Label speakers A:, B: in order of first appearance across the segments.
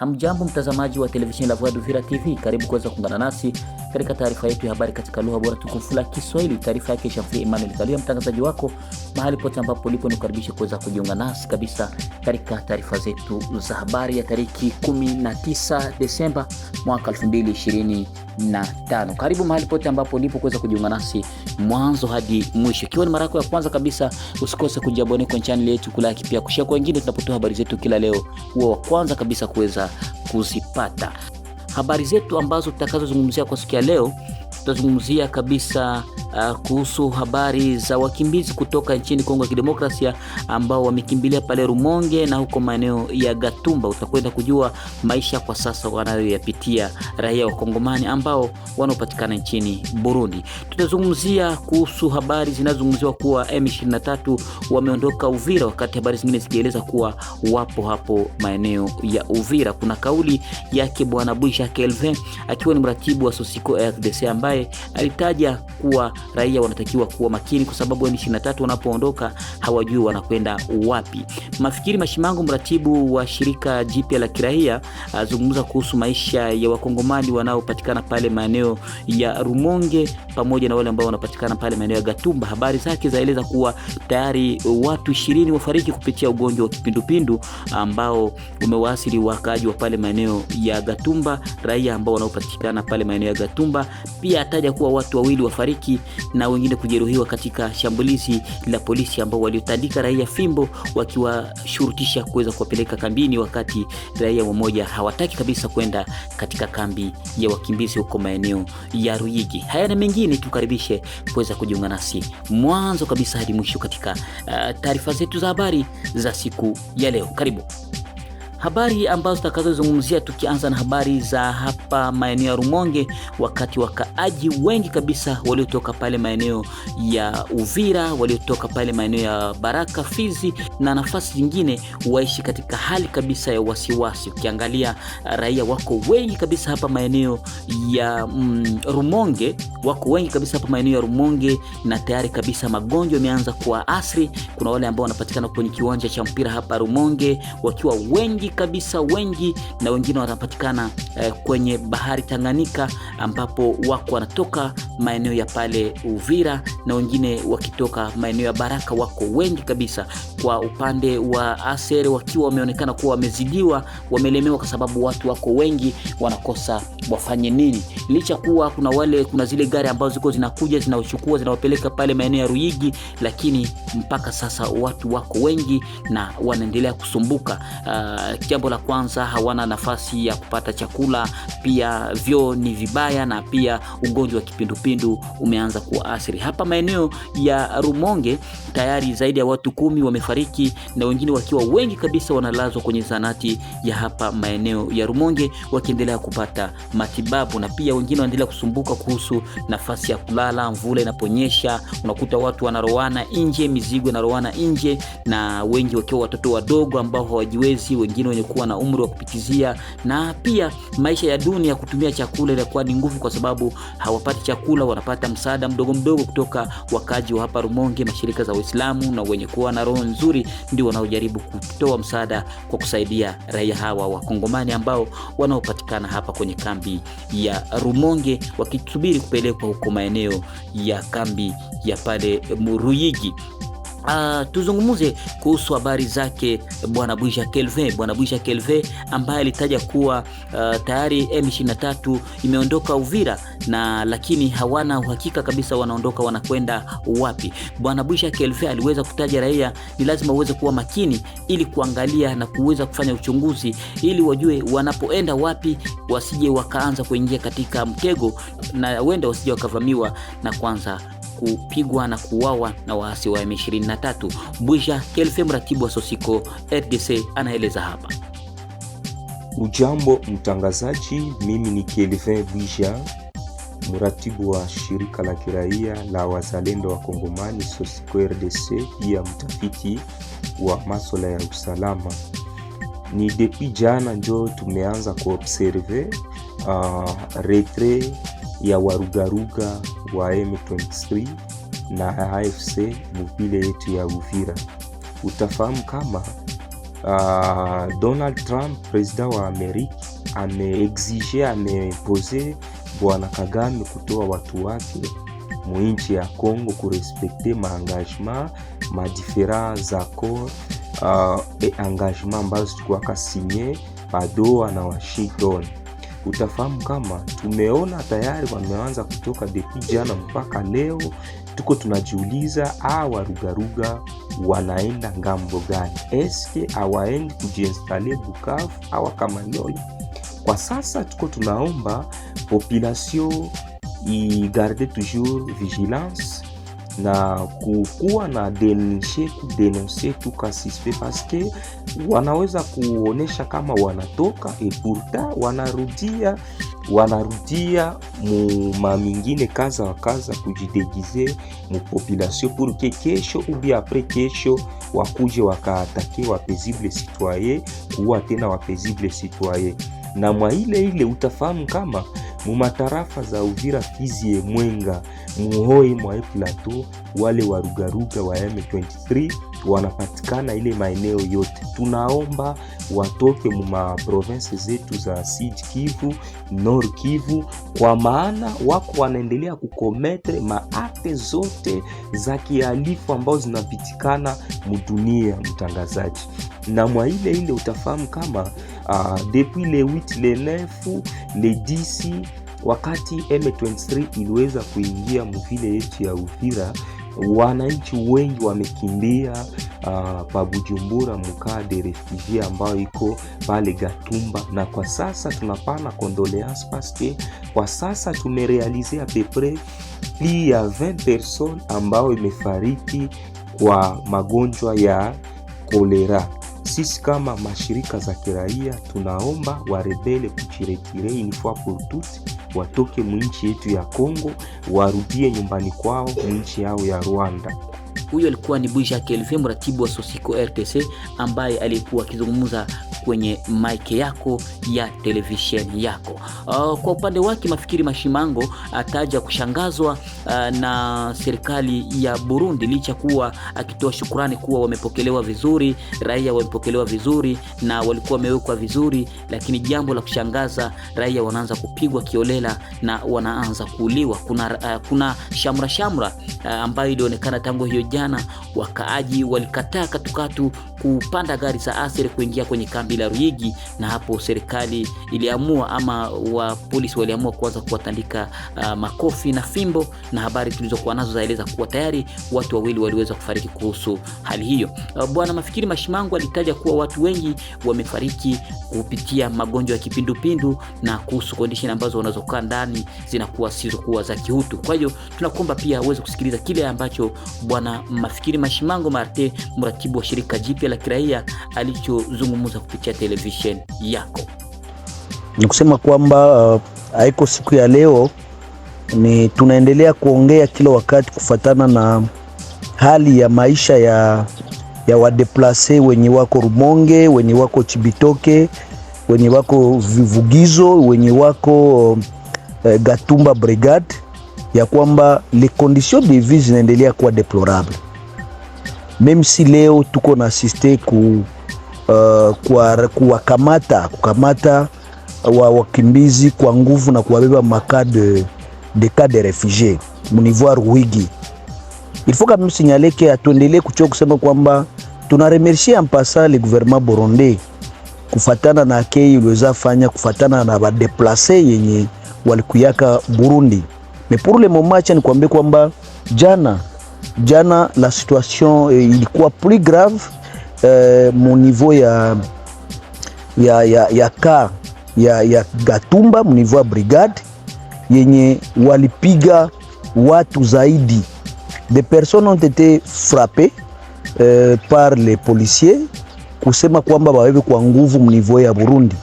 A: Hamjambo mtazamaji wa televisheni La Voix d'Uvira TV, karibu kuweza kuungana nasi katika taarifa yetu ya habari katika lugha bora tukufu la Kiswahili. Taarifa yake Shafii Emmanuel Kalia, mtangazaji wako mahali pote ambapo ulipo, nikukaribisha kuweza kujiunga nasi kabisa katika taarifa zetu za habari ya tariki 19 Desemba mwaka 2025. Karibu mahali pote ambapo ulipo kuweza kujiunga nasi mwanzo hadi mwisho. Ikiwa ni mara yako ya kwanza kabisa, usikose kujiabone kwenye channel yetu, kulaki pia kushare kwa wengine, tunapotoa habari zetu kila leo, huwa wa kwanza kabisa kuweza kuzipata habari zetu ambazo tutakazozungumzia kwa siku ya leo, tutazungumzia kabisa uh, kuhusu habari za wakimbizi kutoka nchini Kongo ya Kidemokrasia ambao wamekimbilia pale Rumonge na huko maeneo ya Gatumba. Utakwenda kujua maisha kwa sasa wanayoyapitia raia wa Kongomani ambao wanaopatikana nchini Burundi. Tutazungumzia kuhusu habari zinazozungumziwa kuwa M23 wameondoka Uvira, wakati habari zingine zikieleza kuwa wapo hapo maeneo ya Uvira. Kuna kauli yake Bwana Bwisha Kelvin akiwa ni mratibu wa Sosiko RDC ambaye alitaja kuwa raia wanatakiwa kuwa makini kwa sababu M23 wanapoondoka hawajui wanakwenda wapi. Mafikiri Mashimango, mratibu wa shirika jipya la kiraia, azungumza kuhusu maisha ya wakongomani wanaopatikana pale maeneo ya Rumonge pamoja na wale ambao wanapatikana pale maeneo ya Gatumba. Habari zake zaeleza kuwa tayari watu ishirini wafariki kupitia ugonjwa wa kipindupindu ambao umewaasili wakaaji wa pale maeneo ya Gatumba, raia ambao wanaopatikana pale maeneo ya Gatumba. Pia ataja kuwa watu wawili wafariki na wengine kujeruhiwa katika shambulizi la polisi ambao waliotandika raia fimbo wakiwashurutisha kuweza kuwapeleka kambini, wakati raia mmoja hawataki kabisa kwenda katika kambi ya wakimbizi huko maeneo ya Ruyigi. Haya na mengine tukaribishe kuweza kujiunga nasi mwanzo kabisa hadi mwisho katika uh, taarifa zetu za habari za siku ya leo. Karibu habari ambazo tutakazozungumzia, tukianza na habari za hapa maeneo ya Rumonge, wakati wakaaji wengi kabisa waliotoka pale maeneo ya Uvira, waliotoka pale maeneo ya Baraka, Fizi na nafasi zingine waishi katika hali kabisa ya wasiwasi. Ukiangalia raia wako wengi kabisa hapa maeneo ya mm, Rumonge, wako wengi kabisa hapa maeneo ya Rumonge, na tayari kabisa magonjwa yameanza kuwa asri. Kuna wale ambao wanapatikana kwenye kiwanja cha mpira hapa Rumonge wakiwa wengi kabisa, wengi na wengine watapatikana eh, kwenye bahari Tanganyika ambapo wako wanatoka maeneo ya pale Uvira na wengine wakitoka maeneo ya Baraka, wako wengi kabisa. Kwa upande wa Asere wakiwa wameonekana kuwa wamezidiwa, wamelemewa kwa sababu watu wako wengi, wanakosa wafanye nini, licha kuwa kuna wale kuna zile gari ambazo ziko zinakuja zinawachukua zinawapeleka pale maeneo ya Ruyigi, lakini mpaka sasa watu wako wengi na wanaendelea kusumbuka. Uh, Jambo la kwanza, hawana nafasi ya kupata chakula, pia vyoo ni vibaya, na pia ugonjwa wa kipindupindu umeanza kuathiri Hapa maeneo ya Rumonge tayari zaidi ya watu kumi wamefariki na wengine wakiwa wengi kabisa wanalazwa kwenye zanati ya hapa maeneo ya Rumonge wakiendelea kupata matibabu, na pia wengine wanaendelea kusumbuka kuhusu nafasi ya kulala. Mvula inaponyesha unakuta watu wanaroana nje, mizigo inaroana nje, na wengi wakiwa watoto wadogo ambao hawajiwezi, wengine wenye kuwa na umri wa kupitizia, na pia maisha ya duni ya kutumia chakula inakuwa ni nguvu, kwa sababu hawapati chakula, wanapata msaada mdogo mdogo kutoka wakaji wa hapa Rumonge, mashirika za Uislamu na wenye kuwa na roho nzuri ndio wanaojaribu kutoa msaada kwa kusaidia raia hawa wakongomani ambao wanaopatikana hapa kwenye kambi ya Rumonge wakisubiri kupelekwa huko maeneo ya kambi ya pale Muruyigi. Uh, ah, tuzungumze kuhusu habari zake bwana Bwisha Kelvin. Bwana Bwisha Kelvin ambaye alitaja kuwa uh, tayari M23 imeondoka Uvira na lakini hawana uhakika kabisa wanaondoka wanakwenda wapi. Bwana Bwisha Kelvin aliweza kutaja raia ni lazima uweze kuwa makini ili kuangalia na kuweza kufanya uchunguzi ili wajue wanapoenda wapi, wasije wakaanza kuingia katika mtego na wenda wasije wakavamiwa na kwanza kupigwa na kuuawa na waasi wa M23. Bwisha Kelfe, mratibu wa Sosiko RDC, anaeleza hapa.
B: Ujambo mtangazaji, mimi ni Kelvin Bwija, mratibu wa shirika la kiraia la wazalendo wa Kongomani Sosiko RDC, pia mtafiti wa masuala ya usalama. Ni depi jana njo tumeanza kuobserve uh, retrait ya Warugaruga wa M23 na AFC Mupile yetu ya Uvira. Utafahamu kama uh, Donald Trump president wa Amerika ameexige, amepose bwana Kagame kutoa watu wake muinchi ya Congo kurespekte maengagement madifferent zaccord uh, ah, e engagement ambazo zilikuwa kasinye padoa na Washington utafahamu kama tumeona tayari wameanza kutoka depi jana mpaka leo. Tuko tunajiuliza hawa rugaruga wanaenda ngambo gani? Eske awaendi kujiinstale Bukavu awa Kamanyola? Kwa sasa tuko tunaomba population igarde toujours vigilance na kukuwa na denonce kudenonse tu kasispe paske wanaweza kuonesha kama wanatoka epurta wanarudia wanarudia muma kaza wa kaza kujidegize mupopulation purke kesho ubi apre kesho wakuje wakaatake wapesible citoyen kuwa tena wapesible citoyen na mwa ile ile utafahamu kama mu matarafa za Uvira, Fizi, Mwenga, Muhoi, Mwae Plateau, wale warugaruga wa M23 wanapatikana ile maeneo yote. Tunaomba watoke mu maprovinsi zetu za Sud Kivu, Nord Kivu, kwa maana wako wanaendelea kukometre maakte zote za kihalifu ambazo zinapitikana mudunia, mtangazaji. Na mwa ile ile utafahamu kama uh, depuis le 8 le 9 le 10 wakati M23 iliweza kuingia muvile yetu ya Uvira wananchi wengi wamekimbia uh, pa Bujumbura mkaa de refugie ambayo iko pale Gatumba, na kwa sasa tunapana condoleance paske kwa sasa tumerealize apepres pli ya 20 personnes ambao imefariki kwa magonjwa ya kolera. Sisi kama mashirika za kiraia tunaomba warebele kuchiretire une fois pour toutes watoke mwinchi yetu ya Kongo warudie nyumbani kwao mwinchi yao ya Rwanda. Huyo alikuwa ni Bwisha Jacques mratibu wa Sosiko RTC,
A: ambaye alikuwa akizungumza kwenye mike yako ya televisheni yako. Uh, kwa upande wake Mafikiri Mashimango ataja kushangazwa uh, na serikali ya Burundi licha kuwa akitoa shukurani kuwa wamepokelewa vizuri, raia wamepokelewa vizuri na walikuwa wamewekwa vizuri, lakini jambo la kushangaza, raia wanaanza kupigwa kiolela na wanaanza kuuliwa. Kuna, uh, kuna shamra shamra uh, ambayo ilionekana tangu hiyo jana jana, wakaaji walikataa katukatu kupanda gari za asiri kuingia kwenye kambi la Ruyigi, na hapo serikali iliamua ama wa polisi waliamua kuanza kuwatandika uh, makofi na fimbo, na habari tulizokuwa nazo zaeleza kuwa tayari watu wawili waliweza kufariki kuhusu hali hiyo. Uh, Bwana Mafikiri Mashimangu alitaja kuwa watu wengi wamefariki kupitia magonjwa ya kipindupindu na kuhusu condition ambazo wanazokaa ndani zinakuwa sizokuwa za kiutu. Kwa hiyo tunakuomba pia uweze kusikiliza kile ambacho bwana Mafikiri Mashimango Marte, mratibu wa shirika jipya la kiraia alichozungumza kupitia televisheni yako.
C: Ni kusema kwamba uh, haiko siku ya leo, ni tunaendelea kuongea kila wakati kufatana na hali ya maisha ya, ya wadeplase wenye wako Rumonge, wenye wako Chibitoke, wenye wako Vivugizo, wenye wako uh, Gatumba Brigade ya kwamba les conditions de vie zinaendelea kuwa deplorable, meme si leo tuko na asiste ku uh, kwa, kuwakamata kukamata euh, wa wakimbizi kwa nguvu na kuwabeba maka de, de cas de refugie munivoir Ruigi. Il faut quand même signaler que atuendelee kuchoka kusema kwamba tunaremercie passant le gouvernement burundais kufatana na kei uliweza fanya kufatana na badeplase yenye walikuyaka Burundi. Mais pour le moment, acha nikwambie kwamba jana jana la situation eh, ilikuwa plus grave eh, mu niveau ya ya ya ya ka ya, ya Gatumba mu niveau ya brigade yenye walipiga watu zaidi de personnes ont été frappées eh, par les policiers kusema kwamba wawewe kwa nguvu mu niveau ya Burundi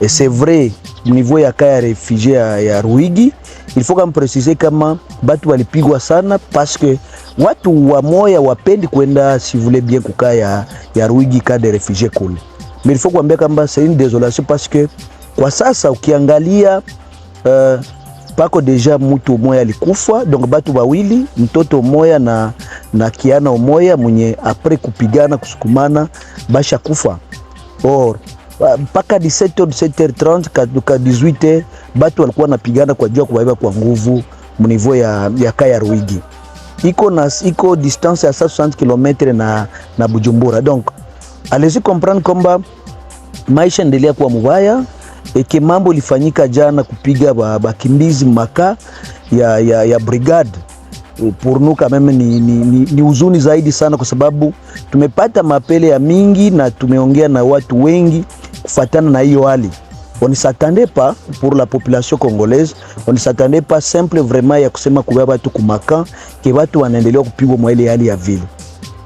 C: et c'est vrai niveau ya ka ya refugie ya, ya Ruigi Il faut kama presize kama batu walipigwa sana, parce que watu wa moya wapendi kwenda si voulez bien kukaa ya, ya Ruigi ka de refugie kule, mais il faut kuambia kama c'est une désolation parce que kwa sasa ukiangalia uh, pako deja mutu moya alikufa, donc batu bawili mtoto moya na, na kiana moya mwenye apres kupigana kusukumana basha kufa or mpaka 17h 17h30 kutoka 18h batu walikuwa napigana kwa jua kubaiba kwa nguvu mnivo ya, ya kaya Ruigi iko na iko distance ya 60 km na, na Bujumbura. Donc alezi comprendre kwamba maisha endelea kuwa mubaya eke mambo ilifanyika jana kupiga bakimbizi ba maka ya, ya, ya brigade purnuka meme ni, ni, ni, ni uzuni zaidi sana, kwa sababu tumepata mapele ya mingi na tumeongea na watu wengi kufatana na hiyo hali on s'attendait pas pour la population congolaise, on s'attendait pas simple vraiment ya kusema kubeba batu kumaka ke batu wanaendelea kupigwa mwa ile hali ya vile.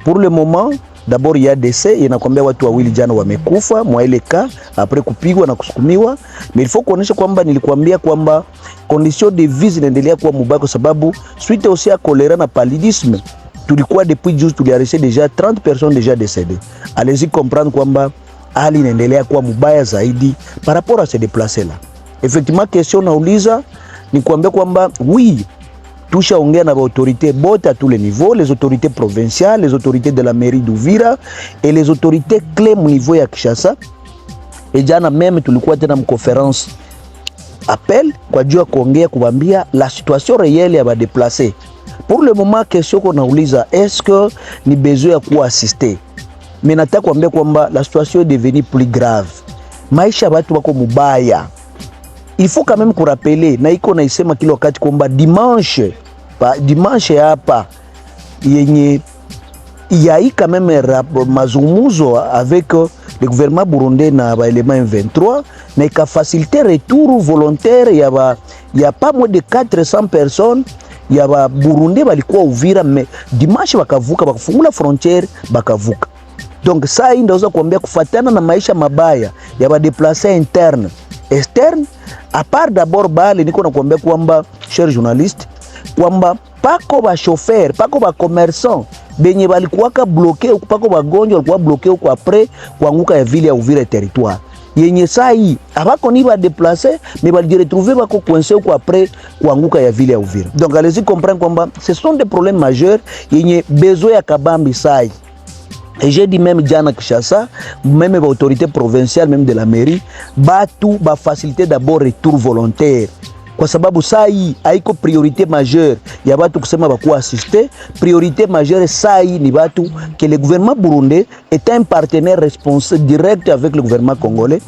C: Pour le moment, d'abord ya DC inakwambia watu wawili jana wamekufa mwa ile ka après kupigwa na kusukumiwa, mais il faut kuonesha kwamba nilikwambia kwamba condition de vie zinaendelea kuwa mubaya kwa sababu suite aussi ya kolera na paludisme tulikuwa depuis juste tuliarrêter déjà 30 personnes déjà décédées. Allez-y comprendre kwamba hali inaendelea kuwa mbaya zaidi parapora a se deplacer la effectivement question nauliza ni kuambia kwamba oui tushaongea na baautorité bote à tous les niveaux les autorités provinciales les autorités de la mairie d'Uvira et les autorités clés mu niveau ya Kishasa. E jana meme tulikuwa tena mkonference appel kwa juu ya kuongea kubambia la situation réelle ya badeplace. Pour le moment question ko nauliza est-ce que ni besoin ya kuwa assisté me nataka kuambia kwamba la situation est devenue plus grave. Maisha watu wako mubaya, il faut quand même kurapele na iko naisema kila wakati kwamba dimanche pa dimanche hapa yenye yai quand même mazungumzo avec euh, le gouvernement burundais na ba element M23 na ikafasilite retour volontaire ya ba ya pas moins de 400 personnes ya ba Burundi balikuwa Uvira, me dimanche bakavuka bakafungula frontiere bakavuka Donc saa hii ndaweza kuambia kufuatana na maisha mabaya ya badeplase interne externe, apart dabord bale, niko nakuambia kwamba cher journaliste, kwamba pako ba chauffeur pako ba commerçant benye balikuwaka bloke huko, pako bagonjwa walikuwa bloke huko apres kuanguka ya vile ya Uvira territoire yenye saa hii abako ni ba déplacer mais balijiretrouve bako coincé huko apres kuanguka ya vile ya Uvira. Donc allez-y comprendre kwamba ce sont des problèmes majeurs yenye besoin ya kabambi saa hii Et j'ai dit même jana Kishasa, même autorité provinciale, même de la mairie, batu ba faciliter d'abord retour volontaire kwa sababu sai haiko priorité majeure ya batu kusema bakuwa asiste. Priorite majeure sai ni batu que le gouvernement burundais est un partenaire responsable direct avec le gouvernement congolais,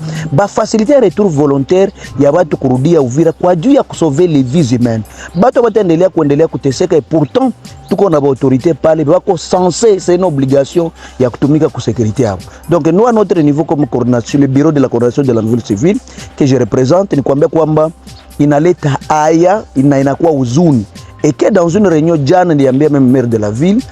C: faciliter un retour volontaire ya batu kurudia Uvira kwa juu ya kusove les vies humaines. Batu bataendelea kuendelea kuteseka, et pourtant tuko na autorité pale bako censé, c'est une obligation ya kutumika ku sécurité yao. Donc nous à notre niveau comme coordination, le bureau de la coordination de la nouvelle civile que je représente, ni kuambia kwamba inaleta haya ina inakuwa huzuni eke dans une reunion jana niliambia meme maire de la ville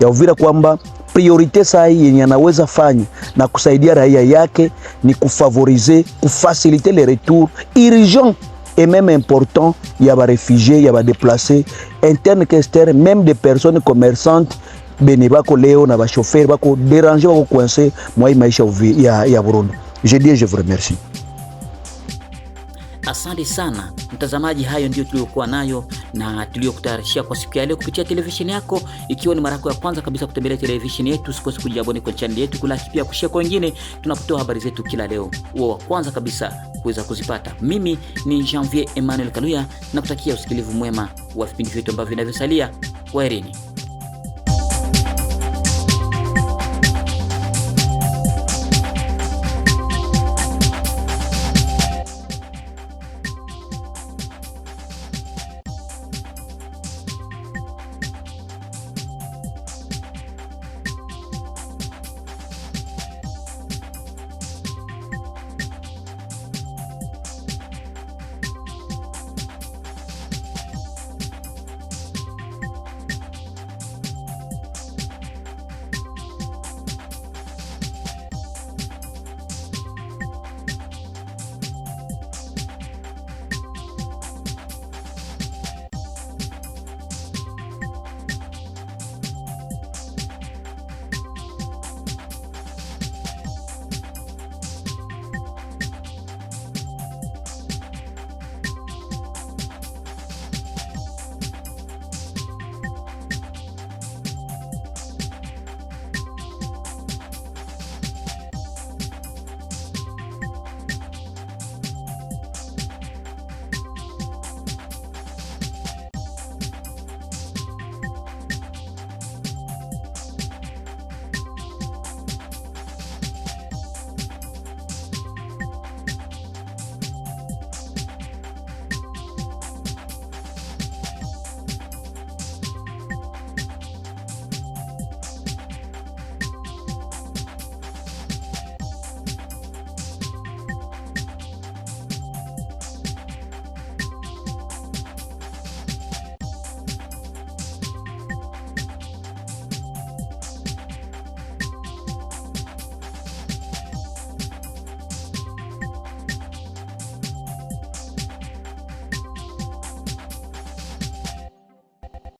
C: ya Uvira kwamba priorite saa hii yenye anaweza fanya na kusaidia raia yake ni kufavorize faciliter le retour urgent et même important ya barefugie ya badeplace interne kester même de personnes commerçantes bene bako leo na bashoferi bako déranger bako coince mwai maisha ya, ya Burundi. Je dis je vous remercie.
A: Asante sana mtazamaji, hayo ndio tuliyokuwa nayo na tuliyokutayarishia kwa siku ya leo kupitia televisheni yako. Ikiwa ni mara yako ya kwanza kabisa kutembelea televisheni yetu, usikose kujiabone kwenye chaneli yetu, kulaki pia kushia kwa wengine, tunapotoa habari zetu kila leo, uwe wa kwanza kabisa kuweza kuzipata. Mimi ni Janvier Emmanuel Kaluya, nakutakia usikilivu mwema wa vipindi vyetu ambavyo vinavyosalia. Kwaherini.